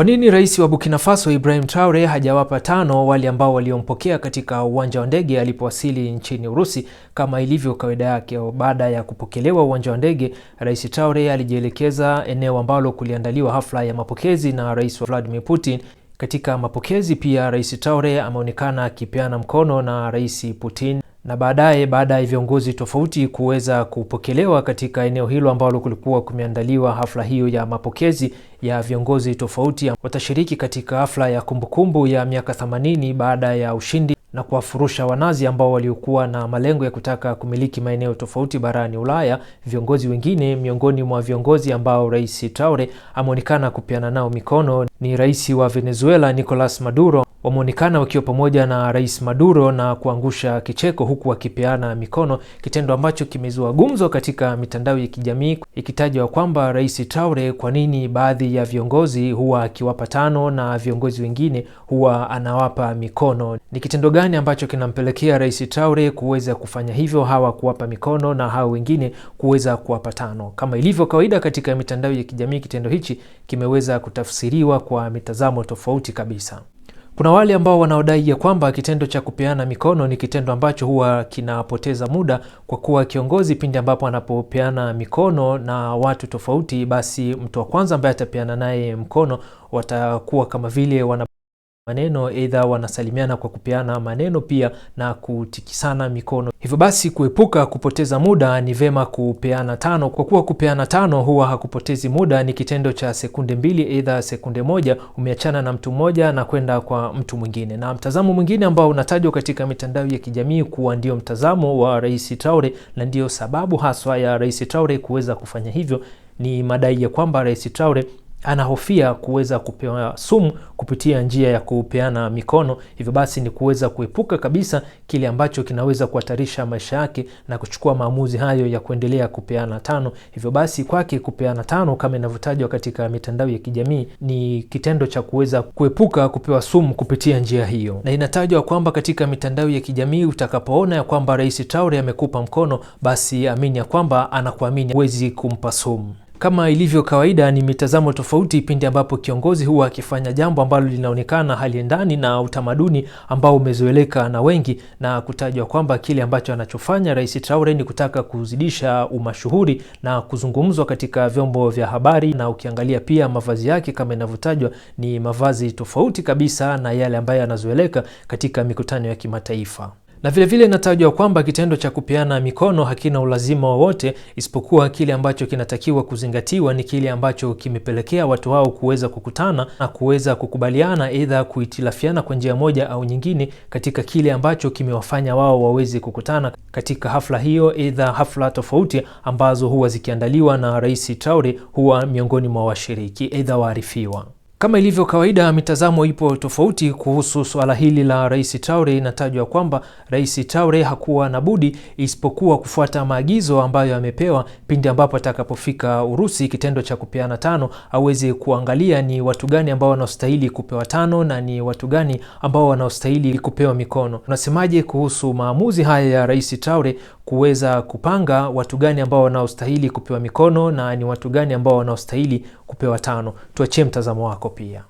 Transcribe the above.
Kwa nini Rais wa Burkina Faso Ibrahim Traore hajawapa tano wale ambao waliompokea katika uwanja wa ndege alipowasili nchini Urusi? Kama ilivyo kawaida yake, baada ya kupokelewa uwanja wa ndege, Rais Traore alijielekeza eneo ambalo kuliandaliwa hafla ya mapokezi na Rais wa Vladimir Putin. Katika mapokezi pia, Rais Traore ameonekana akipeana mkono na Rais Putin na baadaye baada ya viongozi tofauti kuweza kupokelewa katika eneo hilo ambalo kulikuwa kumeandaliwa hafla hiyo ya mapokezi ya viongozi tofauti, watashiriki katika hafla ya kumbukumbu ya miaka 80 baada ya ushindi na kuwafurusha Wanazi ambao waliokuwa na malengo ya kutaka kumiliki maeneo tofauti barani Ulaya. Viongozi wengine miongoni mwa viongozi ambao Rais Traore ameonekana kupeana nao mikono ni rais wa Venezuela Nicolas Maduro wameonekana wakiwa pamoja na Rais Maduro na kuangusha kicheko huku wakipeana mikono, kitendo ambacho kimezua gumzo katika mitandao ya kijamii ikitajwa kwamba Rais Traore, kwa nini baadhi ya viongozi huwa akiwapa tano na viongozi wengine huwa anawapa mikono? Ni kitendo gani ambacho kinampelekea Rais Traore kuweza kufanya hivyo, hawa kuwapa mikono na hawa wengine kuweza kuwapa tano? Kama ilivyo kawaida katika mitandao ya kijamii, kitendo hichi kimeweza kutafsiriwa kwa mitazamo tofauti kabisa. Kuna wale ambao wanaodai ya kwamba kitendo cha kupeana mikono ni kitendo ambacho huwa kinapoteza muda kwa kuwa kiongozi pindi ambapo anapopeana mikono na watu tofauti, basi mtu wa kwanza ambaye atapeana naye mkono watakuwa kama vile wana maneno, aidha wanasalimiana kwa kupeana maneno pia na kutikisana mikono. Hivyo basi kuepuka kupoteza muda, ni vema kupeana tano, kwa kuwa kupeana tano huwa hakupotezi muda, ni kitendo cha sekunde mbili, aidha sekunde moja, umeachana na mtu mmoja na kwenda kwa mtu mwingine. Na mtazamo mwingine ambao unatajwa katika mitandao ya kijamii kuwa ndio mtazamo wa Rais Traore na ndiyo sababu haswa ya Rais Traore kuweza kufanya hivyo ni madai ya kwamba Rais Traore anahofia kuweza kupewa sumu kupitia njia ya kupeana mikono. Hivyo basi ni kuweza kuepuka kabisa kile ambacho kinaweza kuhatarisha maisha yake na kuchukua maamuzi hayo ya kuendelea kupeana tano. Hivyo basi kwake kupeana tano, kama inavyotajwa katika mitandao ya kijamii, ni kitendo cha kuweza kuepuka kupewa sumu kupitia njia hiyo, na inatajwa kwamba katika mitandao ya kijamii utakapoona ya kwamba Rais Traore amekupa mkono, basi amini ya kwamba anakuamini, huwezi kumpa sumu. Kama ilivyo kawaida, ni mitazamo tofauti pindi ambapo kiongozi huwa akifanya jambo ambalo linaonekana haliendani na utamaduni ambao umezoeleka na wengi, na kutajwa kwamba kile ambacho anachofanya Rais Traore ni kutaka kuzidisha umashuhuri na kuzungumzwa katika vyombo vya habari. Na ukiangalia pia mavazi yake kama inavyotajwa, ni mavazi tofauti kabisa na yale ambayo yanazoeleka katika mikutano ya kimataifa. Na vilevile inatajwa kwamba kitendo cha kupeana mikono hakina ulazima wowote isipokuwa kile ambacho kinatakiwa kuzingatiwa ni kile ambacho kimepelekea watu hao kuweza kukutana na kuweza kukubaliana, aidha kuhitilafiana kwa njia moja au nyingine katika kile ambacho kimewafanya wao waweze kukutana katika hafla hiyo, aidha hafla tofauti ambazo huwa zikiandaliwa na Rais Traore huwa miongoni mwa washiriki aidha waarifiwa. Kama ilivyo kawaida, mitazamo ipo tofauti kuhusu suala hili la Rais Traore. Inatajwa kwamba Rais Traore hakuwa na budi isipokuwa kufuata maagizo ambayo amepewa pindi ambapo atakapofika Urusi, kitendo cha kupeana tano, aweze kuangalia ni watu gani ambao wanaostahili kupewa tano na ni watu gani ambao wanaostahili kupewa mikono. Unasemaje kuhusu maamuzi haya ya Rais Traore kuweza kupanga watu gani ambao wanaostahili kupewa mikono na ni watu gani ambao wanaostahili kupewa tano. Tuachie mtazamo wako pia.